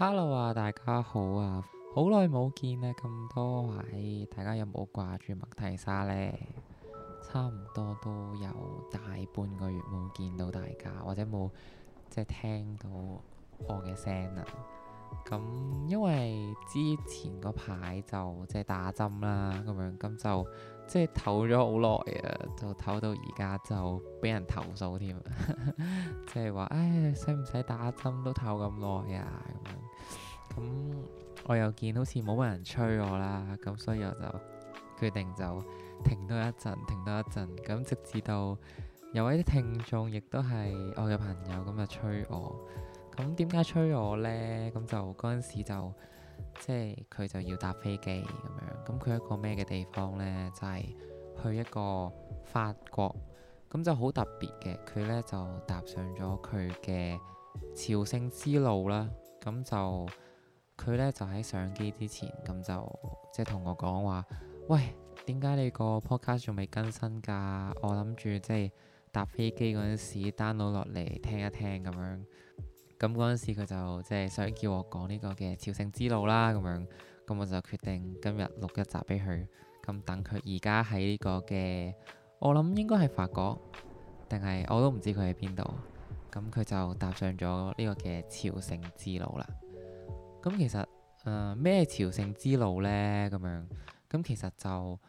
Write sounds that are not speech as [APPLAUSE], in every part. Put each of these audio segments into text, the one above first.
Hello 啊，大家好啊，好耐冇見啊，咁多位，大家有冇掛住麥提莎呢？差唔多都有大半個月冇見到大家，或者冇即係聽到我嘅聲啊。咁因為之前嗰排就即係打針啦，咁樣咁就即係唞咗好耐啊，就唞到而家就俾人投訴添， [LAUGHS] 即係話唉，使唔使打針都唞咁耐啊？咁我又見好似冇乜人催我啦，咁所以我就決定就停多一陣，停多一陣。咁直至到有位啲聽眾，亦都係我嘅朋友咁就催我。咁點解催我呢？咁就嗰陣時就即係佢就要搭飛機咁樣。咁佢一個咩嘅地方呢？就係去一個法國。咁就好特別嘅，佢呢就踏上咗佢嘅朝聖之路啦。咁就～佢咧就喺上機之前，咁就即係同我講話：喂，點解你個 podcast 仲未更新㗎？我諗住即係搭飛機嗰陣時 download 落嚟聽一聽咁樣。咁嗰陣時佢就即係、就是、想叫我講呢個嘅朝聖之路啦，咁樣。咁我就決定今日錄一集俾佢，咁等佢而家喺呢個嘅，我諗應該係法國，定係我都唔知佢喺邊度。咁佢就踏上咗呢個嘅朝聖之路啦。咁其實誒咩、呃、朝聖之路呢？咁樣。咁其實就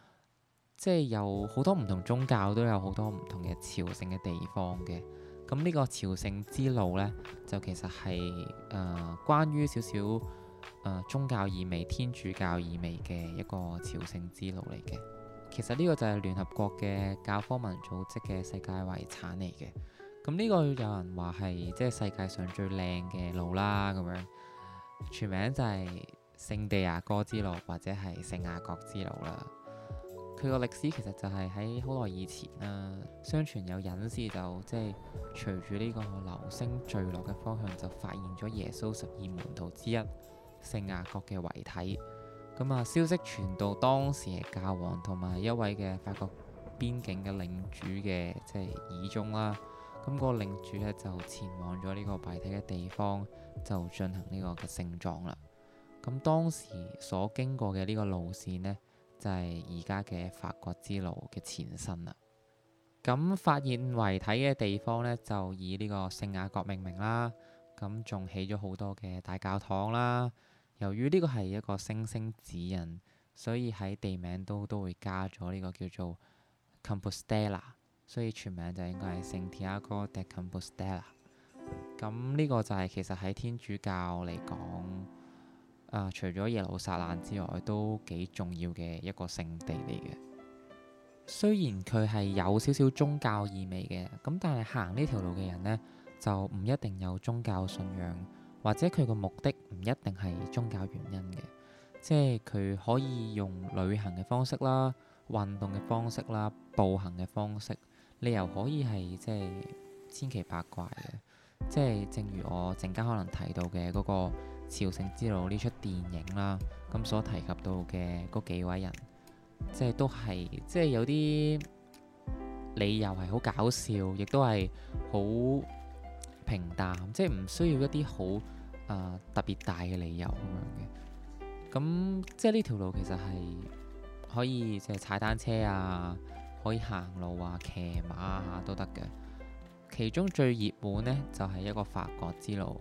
即係、就是、有好多唔同宗教都有好多唔同嘅朝聖嘅地方嘅。咁呢個朝聖之路呢，就其實係誒、呃、關於少少宗教意味、天主教意味嘅一個朝聖之路嚟嘅。其實呢個就係聯合國嘅教科文組織嘅世界遺產嚟嘅。咁呢個有人話係即係世界上最靚嘅路啦，咁樣。全名就係聖地亞哥之路或者係聖雅各之路啦。佢個歷史其實就係喺好耐以前啦、啊。相傳有隱士就即係隨住呢個流星墜落嘅方向，就發現咗耶穌十二門徒之一聖雅各嘅遺體。咁、嗯、啊，消息傳到當時嘅教皇同埋一位嘅法國邊境嘅領主嘅即係耳中啦。咁個領主咧就前往咗呢個遺體嘅地方，就進行呢個嘅盛葬啦。咁當時所經過嘅呢個路線呢，就係而家嘅法國之路嘅前身啦。咁發現遺體嘅地方呢，就以呢個聖雅各命名啦。咁仲起咗好多嘅大教堂啦。由於呢個係一個星星指引，所以喺地名都都會加咗呢個叫做 Compostela。所以全名就應該係聖提亞哥德坎布斯特拉。咁呢個就係其實喺天主教嚟講，誒、呃、除咗耶路撒冷之外，都幾重要嘅一個聖地嚟嘅。雖然佢係有少少宗教意味嘅，咁但係行呢條路嘅人呢，就唔一定有宗教信仰，或者佢個目的唔一定係宗教原因嘅，即係佢可以用旅行嘅方式啦、運動嘅方式啦、步行嘅方式。理由可以係即係千奇百怪嘅，即係正如我陣間可能提到嘅嗰個《朝聖之路》呢出電影啦，咁所提及到嘅嗰幾位人，即係都係即係有啲理由係好搞笑，亦都係好平淡，即係唔需要一啲好啊特別大嘅理由咁樣嘅。咁即係呢條路其實係可以即係踩單車啊～可以行路啊、騎馬啊都得嘅，其中最熱門呢，就係一個法國之路，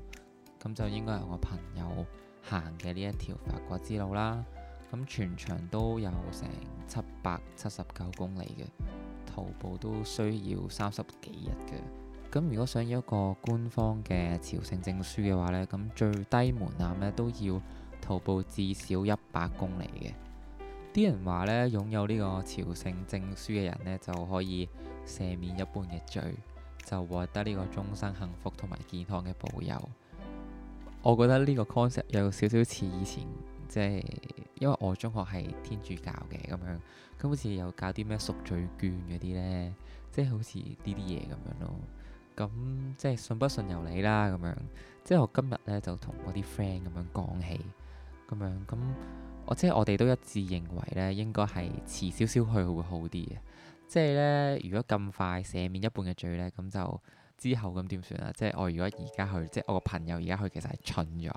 咁就應該係我朋友行嘅呢一條法國之路啦。咁全長都有成七百七十九公里嘅，徒步都需要三十幾日嘅。咁如果想要一個官方嘅朝聖證書嘅話呢，咁最低門檻呢都要徒步至少一百公里嘅。啲人話咧，擁有呢個朝聖證書嘅人咧，就可以赦免一般嘅罪，就獲得呢個終生幸福同埋健康嘅保佑。我覺得呢個 concept 有少少似以前，即係因為我中學係天主教嘅咁樣，咁好似又搞啲咩贖罪券嗰啲咧，即係好似呢啲嘢咁樣咯。咁即係信不信由你啦，咁樣。即係我今日咧就同我啲 friend 咁樣講起，咁樣咁。我即係我哋都一致認為咧，應該係遲少少去會好啲嘅。即係咧，如果咁快赦免一半嘅罪咧，咁就之後咁點算啊？即係我如果而家去，即係我個朋友而家去，其實係蠢咗。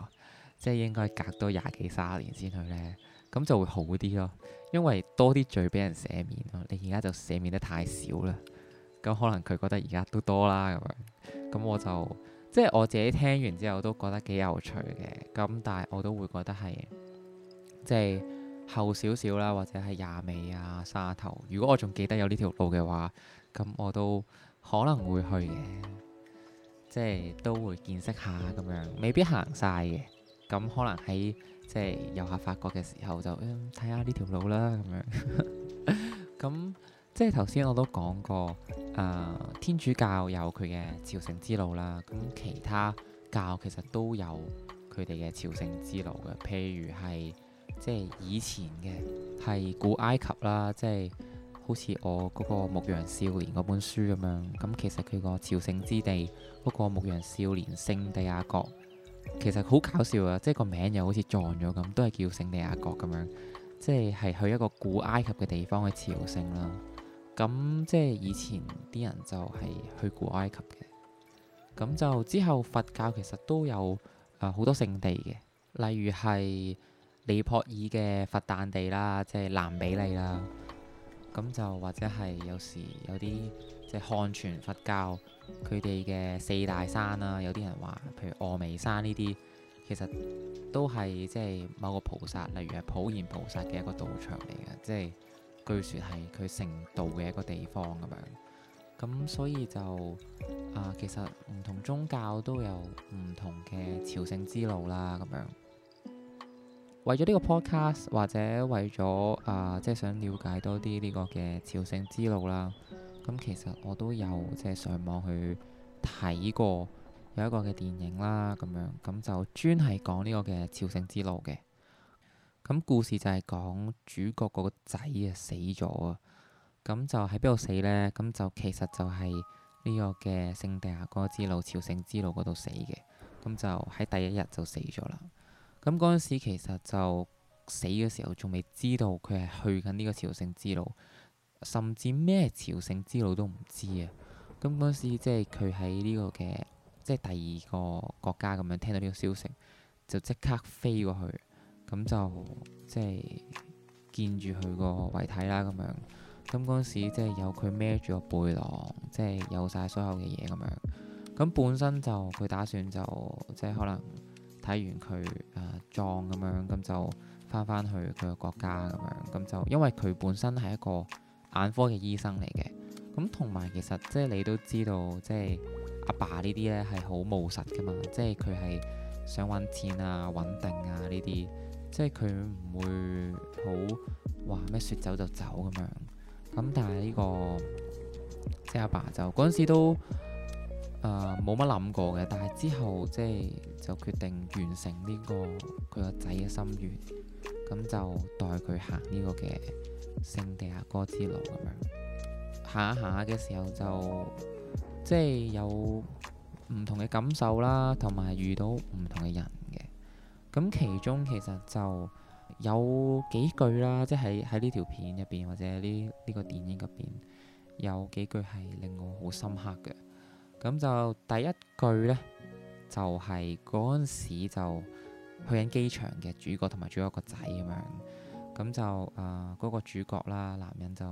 即係應該隔多廿幾卅年先去咧，咁就會好啲咯。因為多啲罪俾人赦免咯，你而家就赦免得太少啦。咁可能佢覺得而家都多啦咁樣。咁我就即係我自己聽完之後都覺得幾有趣嘅。咁但係我都會覺得係。即係後少少啦，或者係廿尾啊，沙頭。如果我仲記得有呢條路嘅話，咁我都可能會去嘅，即係都會見識下咁樣，未必行晒嘅。咁可能喺即係遊客法國嘅時候就，就睇下呢條路啦。咁樣咁 [LAUGHS] 即係頭先我都講過，誒、呃，天主教有佢嘅朝聖之路啦。咁其他教其實都有佢哋嘅朝聖之路嘅，譬如係。即係以前嘅，係古埃及啦，即係好似我嗰個牧羊少年嗰本書咁樣。咁其實佢個朝聖之地嗰、嗰個牧羊少年聖地亞哥，其實好搞笑啊！即係個名又好似撞咗咁，都係叫聖地亞哥咁樣。即係係去一個古埃及嘅地方去朝聖啦。咁即係以前啲人就係去古埃及嘅。咁就之後佛教其實都有啊好、呃、多聖地嘅，例如係。尼泊爾嘅佛誕地啦，即係南比利啦，咁就或者係有時有啲即係漢傳佛教佢哋嘅四大山啦，有啲人話，譬如峨眉山呢啲，其實都係即係某個菩薩，例如係普賢菩薩嘅一個道場嚟嘅，即係據說係佢成道嘅一個地方咁樣。咁所以就啊、呃，其實唔同宗教都有唔同嘅朝聖之路啦，咁樣。為咗呢個 podcast，或者為咗啊、呃，即係想了解多啲呢個嘅朝聖之路啦。咁其實我都有即係上網去睇過有一個嘅電影啦，咁樣咁就專係講呢個嘅朝聖之路嘅。咁故事就係講主角個仔啊死咗啊，咁就喺邊度死呢？咁就其實就係呢個嘅聖地亞哥之路、朝聖之路嗰度死嘅。咁就喺第一日就死咗啦。咁嗰陣時其實就死嘅時候仲未知道佢係去緊呢個朝聖之路，甚至咩朝聖之路都唔知啊！咁嗰陣時即係佢喺呢個嘅即係第二個國家咁樣聽到呢個消息，就即刻飛過去，咁就即係見住佢個遺體啦咁樣。咁嗰陣時即係有佢孭住個背囊，即係有晒所有嘅嘢咁樣。咁本身就佢打算就即係可能。睇完佢誒裝咁樣，咁就翻翻去佢嘅國家咁樣，咁就因為佢本身係一個眼科嘅醫生嚟嘅，咁同埋其實即係你都知道，即係阿爸呢啲咧係好務實噶嘛，即係佢係想揾錢啊、穩定啊呢啲，即係佢唔會好話咩說走就走咁樣，咁但係呢個即係阿爸就嗰陣時都。誒冇乜諗過嘅，但係之後即係就決定完成呢個佢個仔嘅心願，咁就代佢行呢個嘅聖地亞哥之路咁樣，下下嘅時候就，就即係有唔同嘅感受啦，同埋遇到唔同嘅人嘅。咁其中其實就有幾句啦，即係喺呢條片入邊，或者呢呢、呢個電影入邊，有幾句係令我好深刻嘅。咁就第一句呢，就係嗰陣時就去緊機場嘅主角同埋主角個仔咁樣。咁就誒嗰、呃那個主角啦，男人就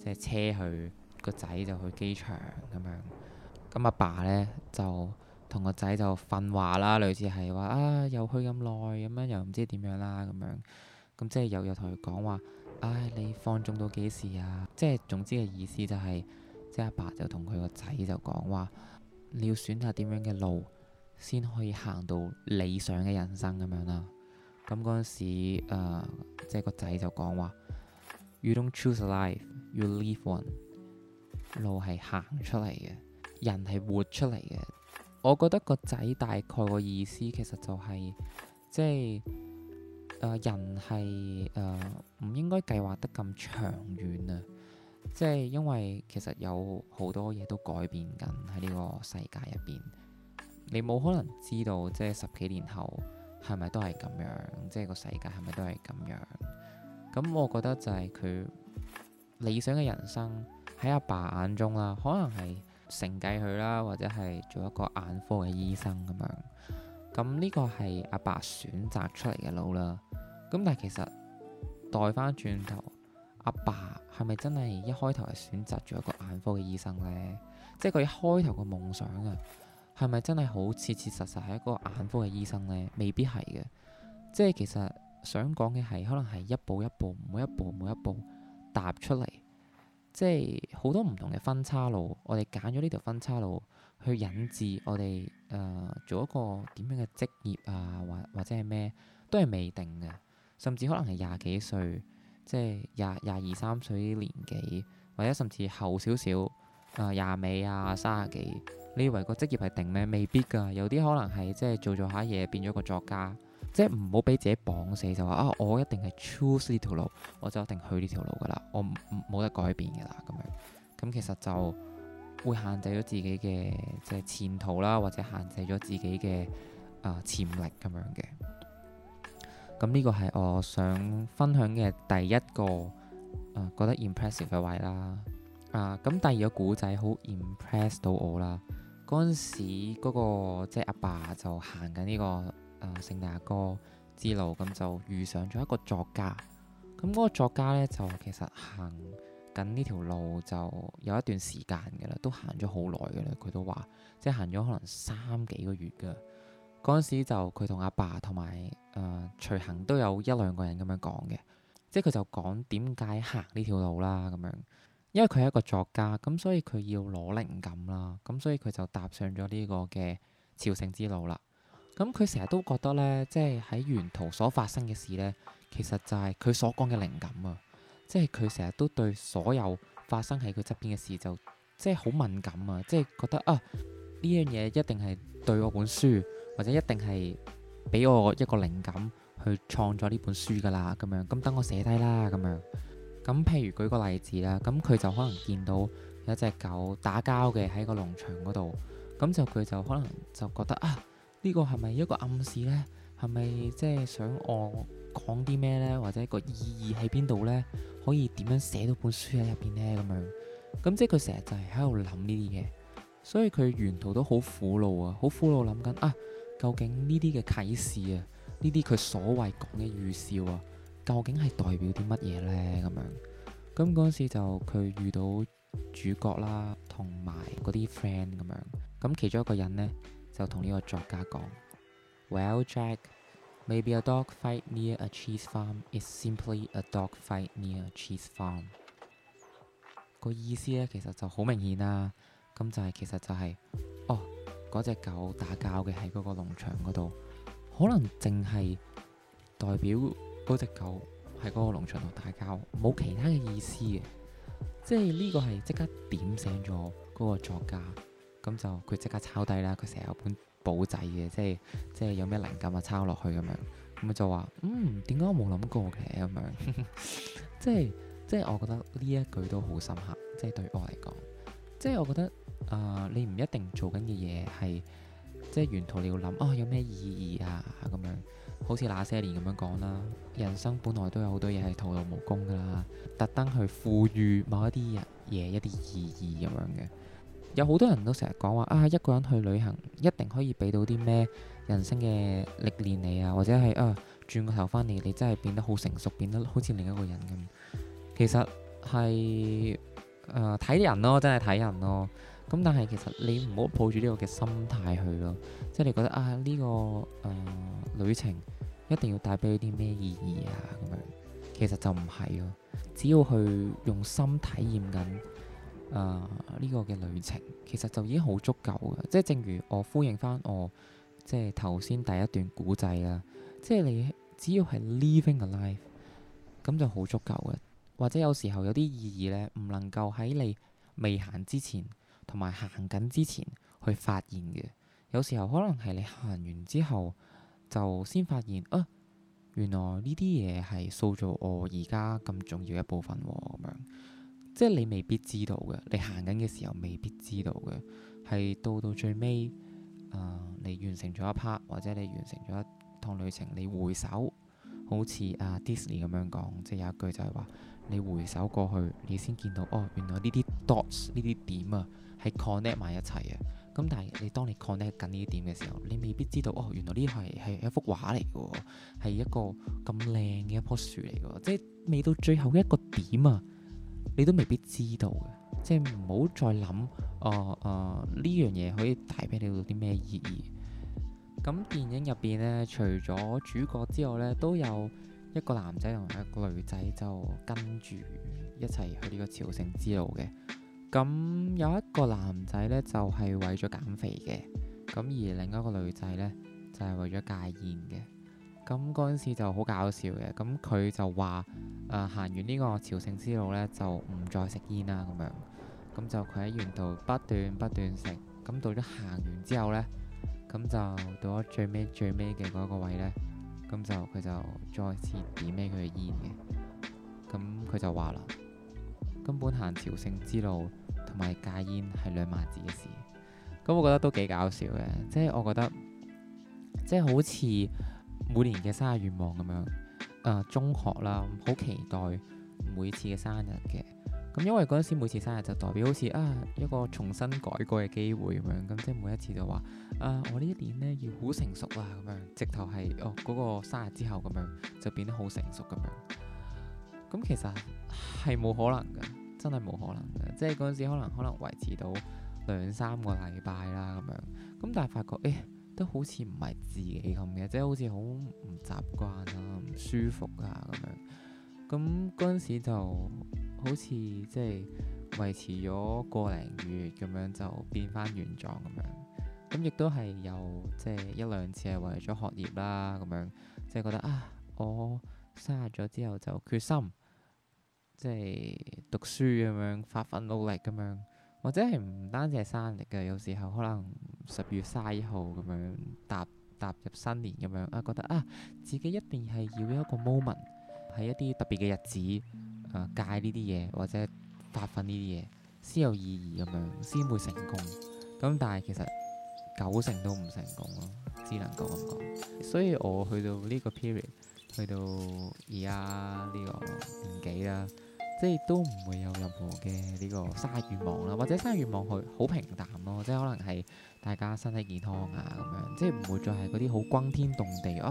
即係、就是、車去個仔就去機場咁樣。咁阿爸，爸呢，就同個仔就訓話啦，類似係話啊又去咁耐咁樣，又唔知點樣啦咁樣。咁即係又又同佢講話，唉你放縱到幾時啊？即係總之嘅意思就係、是。即阿爸，爸就同佢個仔就講話，你要選擇點樣嘅路，先可以行到理想嘅人生咁樣啦。咁嗰陣時誒、呃，即係個仔就講話，You don’t choose a life, you live one。路係行出嚟嘅，人係活出嚟嘅。我覺得個仔大概個意思其實就係、是，即係誒、呃、人係誒唔應該計劃得咁長遠啊。即係因為其實有好多嘢都改變緊喺呢個世界入邊，你冇可能知道即係十幾年後係咪都係咁樣，即係個世界係咪都係咁樣？咁我覺得就係佢理想嘅人生喺阿爸眼中啦，可能係承繼佢啦，或者係做一個眼科嘅醫生咁樣。咁呢個係阿爸選擇出嚟嘅路啦。咁但係其實代翻轉頭。阿爸係咪真係一開頭係選擇咗一個眼科嘅醫生咧？即係佢一開頭個夢想啊，係咪真係好切切實實係一個眼科嘅醫生咧？未必係嘅。即係其實想講嘅係，可能係一步一步，每一步每一步踏出嚟，即係好多唔同嘅分岔路。我哋揀咗呢條分岔路去引致我哋誒、呃、做一個點樣嘅職業啊，或或者係咩都係未定嘅。甚至可能係廿幾歲。即係廿廿二三歲年紀，或者甚至後少少，呃、啊廿尾啊三十幾，你以為個職業係定咩？未必噶有啲可能係即係做做下嘢變咗個作家，即係唔好俾自己綁死，就話啊我一定係 choose 呢條路，我就一定去呢條路噶啦，我唔冇得改變噶啦咁樣，咁其實就會限制咗自己嘅即係前途啦，或者限制咗自己嘅啊潛力咁樣嘅。咁呢個係我想分享嘅第一個啊、呃、覺得 impressive 嘅位啦，啊咁第二個古仔好 impress 到我啦。嗰陣時嗰、那個即係阿爸就行緊、這、呢個啊聖雅各之路，咁就遇上咗一個作家。咁、那、嗰個作家呢，就其實行緊呢條路就有一段時間嘅啦，都行咗好耐嘅啦。佢都話即係行咗可能三幾個月嘅。嗰陣時就佢同阿爸同埋誒隨行都有一兩個人咁樣講嘅，即係佢就講點解行呢條路啦咁樣，因為佢係一個作家，咁所以佢要攞靈感啦，咁所以佢就踏上咗呢個嘅朝聖之路啦。咁佢成日都覺得咧，即係喺沿途所發生嘅事咧，其實就係佢所講嘅靈感啊，即係佢成日都對所有發生喺佢側邊嘅事就即係好敏感啊，即係覺得啊呢樣嘢一定係對我本書，或者一定係俾我一個靈感去創作呢本書噶啦，咁樣咁等我寫低啦，咁樣咁譬如舉個例子啦，咁佢就可能見到有一隻狗打交嘅喺個農場嗰度，咁就佢就可能就覺得啊，呢個係咪一個暗示呢？係咪即係想我講啲咩呢？或者個意義喺邊度呢？可以點樣寫到本書喺入邊呢？咁樣咁即係佢成日就係喺度諗呢啲嘢，所以佢沿途都好苦惱啊，好苦惱諗緊啊！究竟呢啲嘅啟示啊，呢啲佢所謂講嘅預兆啊，究竟係代表啲乜嘢呢？咁樣咁嗰陣時就佢遇到主角啦，同埋嗰啲 friend 咁樣。咁其中一個人呢，就同呢個作家講：Well, Jack, maybe a dog fight near a cheese farm is simply a dog fight near a cheese farm。個意思呢，其實就好明顯啦，啊，咁就係、是、其實就係、是、哦。嗰隻狗打交嘅喺嗰個農場嗰度，可能淨係代表嗰隻狗喺嗰個農場度打交，冇其他嘅意思嘅。即係呢個係即刻點醒咗嗰個作家，咁就佢即刻抄低啦。佢成日有本簿仔嘅，即係、嗯、 [LAUGHS] 即係有咩靈感啊抄落去咁樣。咁就話嗯，點解我冇諗過嘅咁樣，即係即係我覺得呢一句都好深刻，即係對我嚟講。即係我覺得啊、呃，你唔一定做緊嘅嘢係，即係沿途你要諗啊、哦，有咩意義啊咁樣。好似那些年咁樣講啦，人生本來都有好多嘢係徒勞無功噶啦，特登去賦予某一啲嘢一啲意義咁樣嘅。有好多人都成日講話啊，一個人去旅行一定可以俾到啲咩人生嘅歷練你啊，或者係啊，轉個頭返嚟你真係變得好成熟，變得好似另一個人咁。其實係。誒睇、呃、人咯，真係睇人咯。咁但係其實你唔好抱住呢個嘅心態去咯，即係你覺得啊呢、呢個誒、呃、旅程一定要帶俾你啲咩意義啊咁樣，其實就唔係咯。只要去用心體驗緊誒呢個嘅旅程，其實就已經好足夠嘅。即係正如我呼應翻我即係頭先第一段古仔啦，即係你只要係 living a life，咁就好足夠嘅。或者有時候有啲意義咧，唔能夠喺你未行之前，同埋行緊之前去發現嘅。有時候可能係你行完之後，就先發現啊，原來呢啲嘢係塑造我而家咁重要嘅一部分喎、哦。咁樣，即係你未必知道嘅，你行緊嘅時候未必知道嘅，係到到最尾，誒、呃，你完成咗一 part，或者你完成咗一趟旅程，你回首。好似啊 Disney 咁樣講，即係有一句就係話：你回首過去，你先見到哦，原來呢啲 dots 呢啲點啊，係 connect 埋一齊啊。咁但係你當你 connect 緊呢啲點嘅時候，你未必知道哦，原來呢係係一幅畫嚟嘅，係一個咁靚嘅一棵樹嚟嘅。即係未到最後一個點啊，你都未必知道嘅。即係唔好再諗哦，啊呢樣嘢可以帶俾你啲咩意義。咁電影入邊咧，除咗主角之外咧，都有一個男仔同一個女仔就跟住一齊去呢個朝聖之路嘅。咁有一個男仔咧，就係為咗減肥嘅；咁而另一個女仔咧，就係為咗戒煙嘅。咁嗰陣時就好搞笑嘅。咁佢就話：誒行完呢個朝聖之路咧，就唔再食煙啦。咁樣咁就佢喺沿途不斷不斷食。咁到咗行完之後咧。咁就到咗最尾最尾嘅嗰個位咧，咁就佢就再次點起佢嘅煙嘅。咁佢就話啦，根本行朝聖之路同埋戒煙係兩碼子嘅事。咁我覺得都幾搞笑嘅，即係我覺得即係好似每年嘅生日願望咁樣。誒、呃，中學啦，好期待每次嘅生日嘅。咁因為嗰陣時每次生日就代表好似啊一個重新改過嘅機會咁樣，咁即係每一次就話啊、呃、我呢一年咧要好成熟啊咁樣，直頭係哦嗰個生日之後咁樣就變得好成熟咁樣。咁其實係冇可能嘅，真係冇可能嘅，即係嗰陣時可能可能維持到兩三個禮拜啦咁樣，咁但係發覺誒都好似唔係自己咁嘅，即係好似好唔習慣啊、唔舒服啊咁樣。咁嗰陣時就好似即係維持咗個零月咁樣，樣，樣，就變翻原狀咁樣。咁亦都係有即係一兩次係為咗學業啦，咁樣即係覺得啊，我生日咗之後就決心即係、就是、讀書咁樣，發奮努力咁樣。或者係唔單止係生日嘅，有時候可能十月卅一號咁樣踏踏入新年咁樣啊，覺得啊，自己一定係要有一個 moment。喺一啲特別嘅日子，誒、啊、戒呢啲嘢或者發奮呢啲嘢先有意義咁樣，先會成功。咁但係其實九成都唔成功咯，只能夠咁講。所以我去到呢個 period，去到而家呢個年紀啦，即係都唔會有任何嘅呢個沙願望啦，或者沙願望去好平淡咯，即係可能係大家身體健康啊咁樣，即係唔會再係嗰啲好轟天動地哦、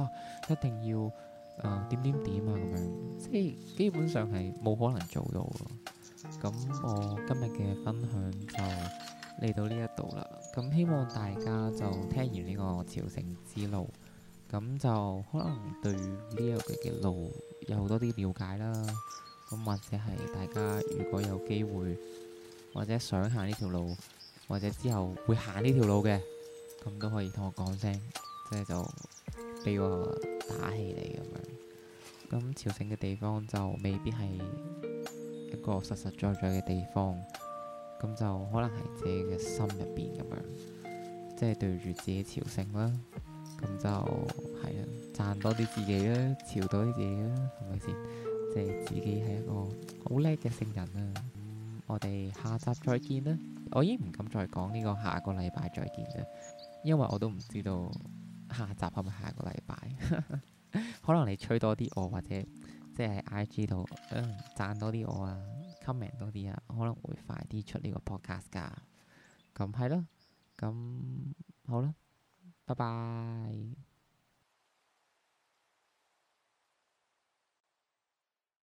啊，一定要～誒、呃，點點點啊，咁樣，即係基本上係冇可能做到咯。咁我今日嘅分享就嚟到呢一度啦。咁希望大家就聽完呢個朝聖之路，咁就可能對呢一個嘅路有好多啲了解啦。咁或者係大家如果有機會，或者想行呢條路，或者之後會行呢條路嘅，咁都可以同我講聲，即係就俾我打氣嚟咁樣。咁朝聖嘅地方就未必係一個實實在在嘅地方，咁就可能係自己嘅心入邊咁樣，即係對住自己朝聖啦。咁就係啊，賺多啲自己啦，朝多啲自己啦，係咪先？即係自己係一個好叻嘅聖人啊！嗯、我哋下集再見啦！我已經唔敢再講呢個下個禮拜再見啦，因為我都唔知道下集係咪下個禮拜。可能你吹多啲我，或者即係 IG 度嗯讚多啲我啊，comment 多啲啊，可能會快啲出呢個 podcast 噶。咁係咯，咁、嗯、好啦，拜拜。